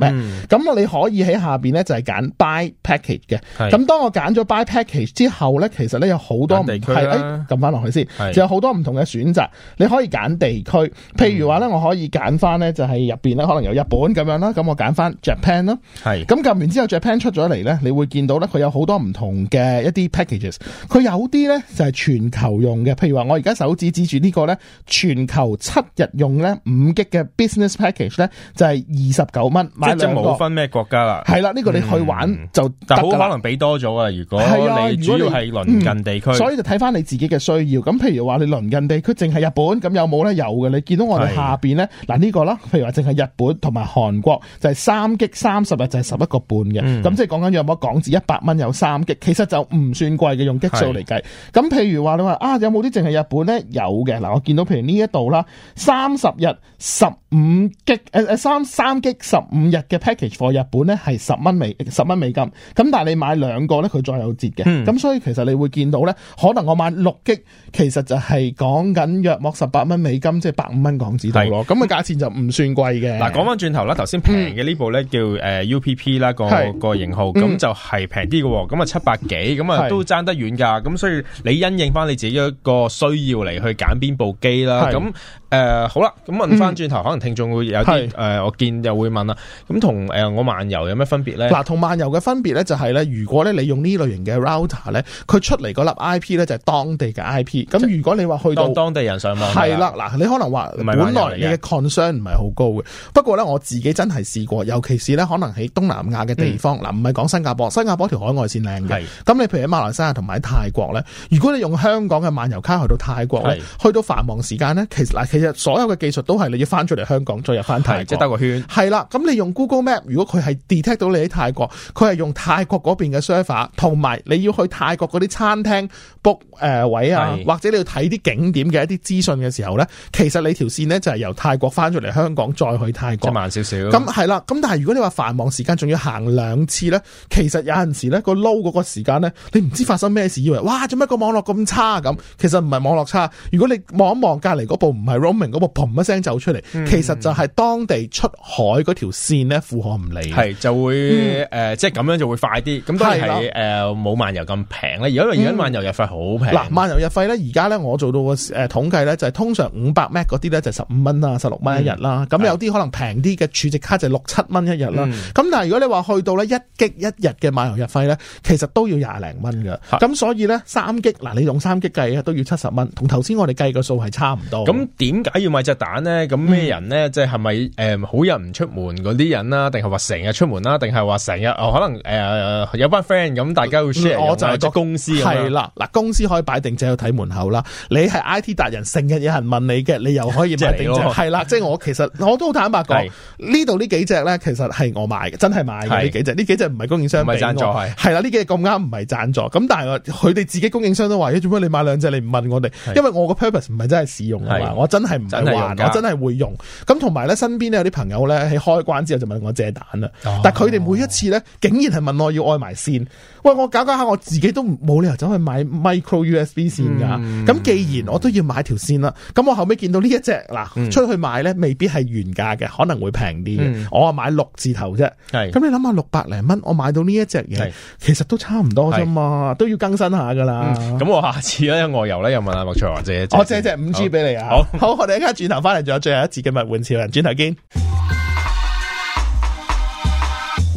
咁我你可以喺下邊咧就係揀 buy package 嘅。咁是當我揀咗 buy package 之後咧，其實咧有好多唔係誒，撳翻落去先，是就有好多唔同嘅選擇。是你可以揀地區，譬如話咧，我可以揀翻咧就係入邊咧，可能有日本咁樣啦，咁我揀翻 Japan 咯。係咁撳完之後，Japan 出咗嚟咧，你會。見到咧，佢有好多唔同嘅一啲 packages，佢有啲咧就係全球用嘅，譬如話我而家手指指住呢、這個咧，全球七日用咧 5G 嘅 business package 咧就係二十九蚊，買即係冇分咩國家啦。係啦，呢、這個你去玩、嗯、就但係好可能俾多咗啊！如果係你主要係鄰近地區，嗯、所以就睇翻你自己嘅需要。咁譬如話你鄰近地區，佢淨係日本咁有冇咧？有嘅，你見到我哋下面咧嗱呢的、啊這個啦，譬如話淨係日本同埋韓國就係 3G 三十日就係十一個半嘅，咁、嗯、即係講緊有冇講。至一百蚊有三 G，其實就唔算貴嘅，用 G 數嚟計。咁是的 譬如話你話啊，有冇啲淨係日本咧？有嘅嗱，我見到譬如呢一度啦，三十日十。五激誒誒三三激十五日嘅 package 貨日本咧係十蚊美十蚊美金，咁但係你買兩個咧佢再有折嘅，咁、嗯、所以其實你會見到咧，可能我買六激其實就係講緊約莫十八蚊美金，即係百五蚊港紙度，咁嘅價錢就唔算貴嘅。講翻轉頭啦，頭先平嘅呢部咧叫誒 UPP 啦個個型號，咁、uh, 是就係平啲嘅，咁啊七百幾，咁啊都爭得遠噶，咁是所以你因應翻你自己一個需要嚟去揀邊部機啦，咁是。誒、呃，好啦，咁問翻轉頭，嗯、可能聽眾會有啲，誒是、呃，我見又會問啦，咁同誒我漫遊有咩分別咧？嗱，同漫遊嘅分別咧就係、是、咧，如果咧你用呢類型嘅 router 咧，佢出嚟嗰粒 I P 咧就係當地嘅 I P。咁如果你話去到當當地人上網係啦，嗱的，你可能話本來你嘅 concern 唔係好高嘅。不過咧我自己真係試過，尤其是咧可能喺東南亞嘅地方，嗱唔係講新加坡，新加坡條海外綫靚嘅。咁的你譬如喺馬來西亞同埋喺泰國咧，如果你用香港嘅漫遊卡去到泰國的去到繁忙時間咧，其實其實所有嘅技術都係你要翻出嚟香港再入翻泰國，即係兜個圈。係啦，咁你用 Google Map，如果佢係 detect 到你喺泰國，佢係用泰國嗰邊嘅 server，同埋你要去泰國嗰啲餐廳 book 誒位啊，的或者你要睇啲景點嘅一啲資訊嘅時候呢，其實你條線呢就係由泰國翻出嚟香港再去泰國，就慢少少。咁係啦，咁但係如果你話繁忙時間仲要行兩次呢，其實有陣時呢個 low 嗰個時間呢，你唔知發生咩事，以為哇做咩個網絡咁差咁，其實唔係網絡差，如果你望一望隔籬嗰部唔係。講明嗰部砰一聲走出嚟，其實就係當地出海嗰條線咧，負荷唔嚟，係就會誒，即係咁樣就會快啲。咁但係誒冇漫遊咁平咧，而家因為而家漫遊日費好平。嗱，漫遊日費咧，而家咧我做到個誒統計咧，就係通常五百 MB 嗰啲咧就十五蚊啦，十六蚊一日啦。咁有啲可能平啲嘅儲值卡就六七蚊一日啦。咁但係如果你話去到咧一激一日嘅漫遊日費咧，其實都要廿零蚊嘅。咁所以咧三激嗱，你用三激計啊，都要七十蚊，同頭先我哋計個數係差唔多。咁點？點解要買隻蛋咧？咁咩人咧？即係咪誒，好人唔出門嗰啲人啦、啊？定係話成日出門啦、啊？定係話成日可能誒、呃，有班 friend 咁，大家會 share、啊。我就係個公司係啦。嗱，公司可以擺定隻去睇門口啦。你係 IT 達人，成日有人問你嘅，你又可以買定隻。係啦、啊，即、就、係、是、我其實我都好坦白講，是的 這這呢度呢幾隻咧，其實係我買嘅，真係買嘅呢是的 幾隻。呢幾隻唔係供應商，唔係贊助係。係啦，呢幾隻咁啱唔係贊助。咁但係佢哋自己供應商都話，做、欸、乜你買兩隻你唔問我哋？因為我個 purpose 唔係真係使用嘛，是的 我真。係唔使還，我真係會用。咁同埋咧，身邊呢有啲朋友咧喺開關之後就問我借蛋啦。哦、但佢哋每一次咧，竟然係問我要愛埋線。喂，我搞搞下，我自己都冇理由走去買 micro USB 線噶。咁、嗯、既然我都要買條線啦，咁我後尾見到呢一隻嗱出去買咧，未必係原價嘅，可能會平啲。嗯、我啊買六字頭啫，咁是你諗下六百零蚊，我買到呢一隻嘢，是其實都差唔多啫嘛，是都要更新下噶啦。咁、嗯、我下次咧有外遊咧又問阿麥卓華借，一隻我借隻五 G 俾你啊，好好 我哋而家轉頭翻嚟，仲有最後一次嘅物玩潮人，轉頭見。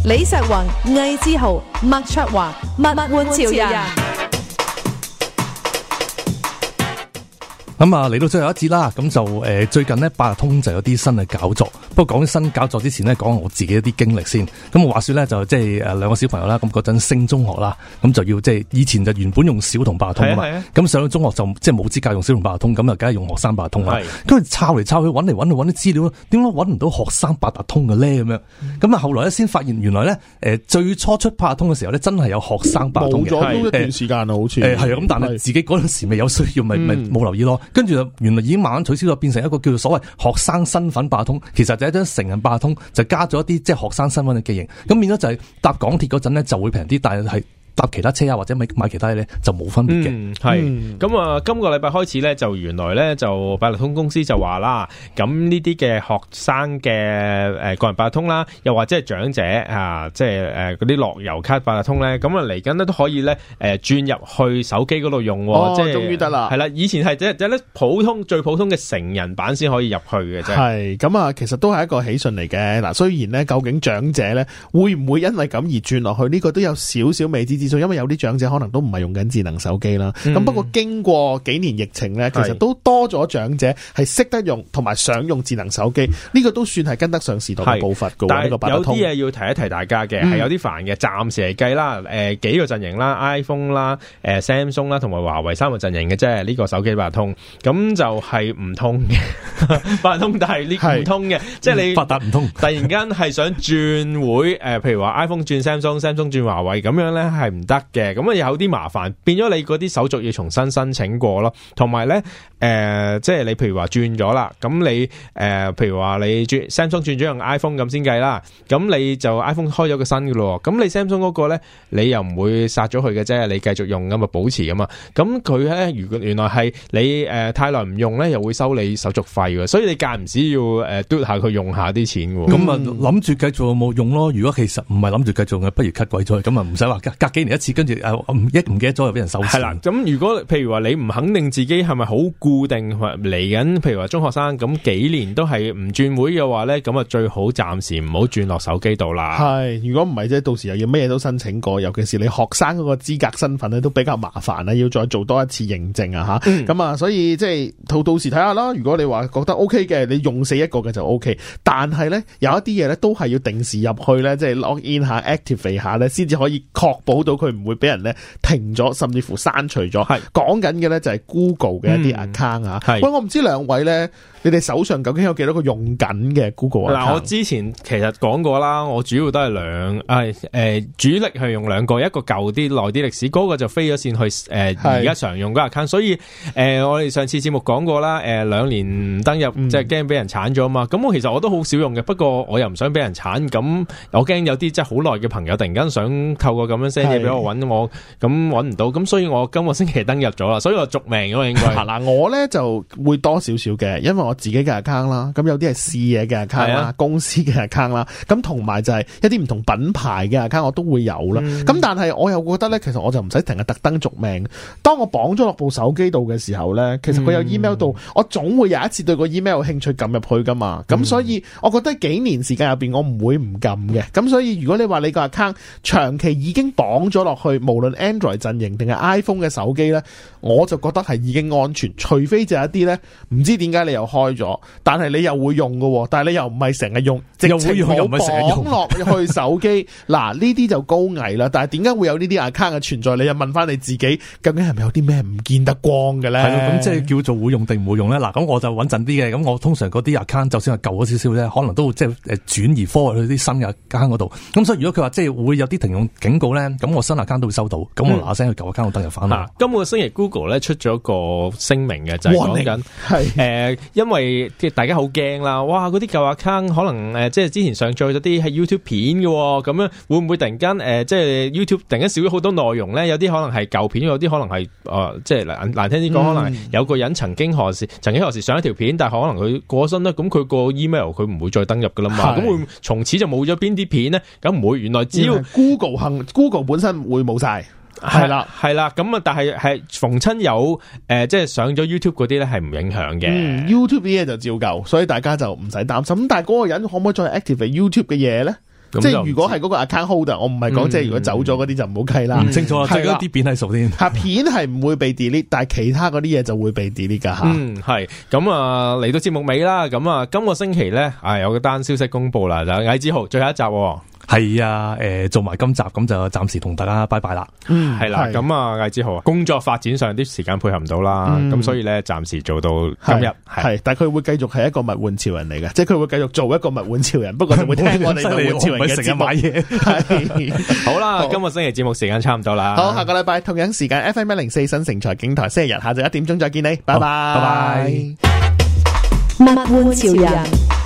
李石宏、魏志豪、麥卓華、物玩潮人。咁啊，嚟到最後一節啦，咁就誒最近呢，八達通就有啲新嘅搞作。不過講新搞作之前咧，講，講我自己一啲經歷先。咁我話説咧，就即係誒兩個小朋友啦，咁嗰陣升中學啦，咁就要即係以前就原本用小童八達通是啊，咁上到中學就即係冇資格用小童八達通，咁啊，梗係用學生八達通啦。跟住抄嚟抄去，揾嚟揾去揾啲資料，點解揾唔到學生八達通嘅咧？咁樣咁啊，後來先發現原來呢，誒最初出八達通嘅時候咧，真係有學生八達通嘅，冇咗一段時間啊，好似誒係啊，咁但係自己嗰陣時未有需要，咪咪冇留意咯。跟住就，原來已經慢慢取消咗，變成一個叫做所謂學生身份八達通，其實就係一張成人八達通，就加咗一啲即係學生身份嘅記認，咁變咗就係搭港鐵嗰陣呢就會平啲，但係。搭其他車啊，或者買買其他嘢咧，就冇分別嘅。係咁啊，今個禮拜開始咧，就原來咧就八達通公司就話啦，咁呢啲嘅學生嘅誒個人八達通啦，又或者係長者啊，即係誒嗰啲樂悠卡八達通咧，咁啊嚟緊咧都可以咧誒轉入去手機嗰度用喎，即係終於得啦，係啦，以前係即係即係咧普通最普通嘅成人版先可以入去嘅啫。係咁啊，其實都係一個喜訊嚟嘅。嗱，雖然咧，究竟長者咧會唔會因為咁而轉落去呢個都有少少未知之。仲因為有啲長者可能都唔係用緊智能手機啦，咁不過經過幾年疫情咧，其實都多咗長者係識得用同埋想用智能手機，呢個都算係跟得上時代步伐嘅。但係有啲嘢要提一提大家嘅，係有啲煩嘅，暫時嚟計啦，誒幾個陣營啦，iPhone 啦，誒 Samsung 啦，同埋華為三個陣營嘅即係。呢個手機八通咁就係唔通嘅，八通但係呢唔通嘅，即係你發達唔通，突然間係想轉會誒，譬如話 iPhone 轉 Samsung，Samsung 轉華為咁樣咧係。唔得嘅，咁啊有啲麻煩，變咗你嗰啲手續要重新申請過咯，同埋咧，誒、呃，即係你譬如話轉咗啦，咁你誒、呃，譬如話你轉 Samsung 轉咗用 iPhone 咁先計啦，咁你就 iPhone 開咗個新嘅咯，咁你 Samsung 嗰個咧，你又唔會殺咗佢嘅啫，你繼續用咁啊保持啊嘛，咁佢咧，如果原來係你誒、呃、太耐唔用咧，又會收你手續費嘅，所以你間唔時要誒 do、呃、下佢用下啲錢，咁啊諗住繼續有冇用咯，如果其實唔係諗住繼續嘅，不如 cut 鬼咗，咁啊唔使話幾年一次，跟住啊，唔一唔記得咗又俾人收。係啦，咁如果譬如話你唔肯定自己係咪好固定，或嚟緊，譬如話中學生，咁幾年都係唔轉會嘅話咧，咁啊最好暫時唔好轉落手機度啦。係，如果唔係，即係到時又要咩嘢都申請過，尤其是你學生嗰個資格身份咧，都比較麻煩啦，要再做多一次認證啊，吓、嗯。咁啊，所以即係到到時睇下啦。如果你話覺得 O K 嘅，你用死一個嘅就 OK，但係咧有一啲嘢咧都係要定時入去咧，即係 log in 下、activate 下咧，先至可以確保。到佢唔會俾人咧停咗，甚至乎刪除咗。係講緊是嘅咧就係 Google 嘅一啲 account 啊。嗯、喂，我唔知兩位咧。你哋手上究竟有幾多個用緊嘅 Google？嗱，我之前其實講過啦，我主要都係兩誒誒主力係用兩個，一個舊啲，耐啲歷史，嗰個就飛咗線去誒而家常用嗰個 account。所以誒我哋上次節目講過啦，誒兩年登入即係驚俾人鏟咗啊嘛。咁我其實我都好少用嘅，不過我又唔想俾人鏟，咁我驚有啲即係好耐嘅朋友突然間想透過咁樣 send 嘢俾我搵我，咁搵唔到，咁所以我今個星期登入咗啦，所以我續命咯應該。嗱我咧就會多少少嘅，因為。我自己嘅 account 啦，咁有啲係私嘢嘅 account 啦，的公司嘅 account 啦，咁同埋就係一啲唔同品牌嘅 account，我都會有啦。咁、嗯、但係我又覺得咧，其實我就唔使成日特登續命。當我綁咗落部手機度嘅時候咧，其實佢有 email 度，嗯、我總會有一次對個 email 有興趣撳入去噶嘛。咁所以我覺得幾年時間入邊，我唔會唔撳嘅。咁所以如果你話你個 account 長期已經綁咗落去，無論 Android 陣營定係 iPhone 嘅手機咧，我就覺得係已經安全。除非就一啲咧，唔知點解你又開咗，但係你又會用噶，但係你又唔係成日用，又唔係成日用落去手機。嗱，呢啲就高危啦。但係點解會有呢啲 account 嘅存在？你又問翻你自己，究竟係咪有啲咩唔見得光嘅咧？係咯，咁即係叫做會用定唔會用咧？嗱，咁我就穩陣啲嘅。咁我通常嗰啲 account，就算係舊咗少少咧，可能都即係誒轉移科去啲新 account 嗰度。咁所以如果佢話即係會有啲停用警告咧，咁我新 account 都會收到。咁我嗱聲去舊 account 度登入翻啦、嗯。今個星期 Google 咧出咗個聲明嘅，就係講緊，誒因為即大家好驚啦，哇！嗰啲舊 account 可能誒，即、呃、係之前上載咗啲喺 YouTube 片嘅，咁樣會唔會突然間誒、呃，即係 YouTube 突然間少咗好多內容咧？有啲可能係舊片，有啲可能係誒、呃，即係難難聽啲講，可能係有個人曾經何時曾經何時上一條片，但係可能佢過身啦，咁佢個 email 佢唔會再登入噶啦嘛，咁的會從此就冇咗邊啲片咧？咁唔會，原來只要 Google 行 Google 本身會冇晒。係啦，係啦，咁啊，但係係逢親友，誒、呃，即係上咗 YouTube 嗰啲咧，係唔影響嘅。YouTube 啲嘢就照舊，所以大家就唔使擔心。咁但係嗰個人可唔可以再 active YouTube 嘅嘢咧？嗯、即係如果係嗰個 account holder，e r、嗯、我唔係講即係如果走咗嗰啲就唔好計啦。唔、嗯嗯、清楚，即嗰啲片係熟啲，拍片係唔會被 delete， 但係其他嗰啲嘢就會被 delete 噶吓。嗯，係。咁啊，嚟到節目尾啦，咁啊，今個星期咧，啊、哎、有個單消息公布啦，就矮子豪最後一集、哦。係啊，誒、呃，做埋今集咁就暫時同大家拜拜啦，係啦、嗯，咁啊，啊嗯、艾志豪，工作發展上啲時間配合唔到啦，咁、嗯、所以咧暫時做到今日係，但係佢會繼續係一個物換潮人嚟嘅，即係佢會繼續做一個物換潮人，不過佢會聽我哋物換潮人嘅節目。好啦，好今個星期節目時間差唔多啦，好，下個禮拜同樣時間 F M 一零四新城財經台星期日下晝一點鐘再見你，拜拜，拜拜。物換潮人。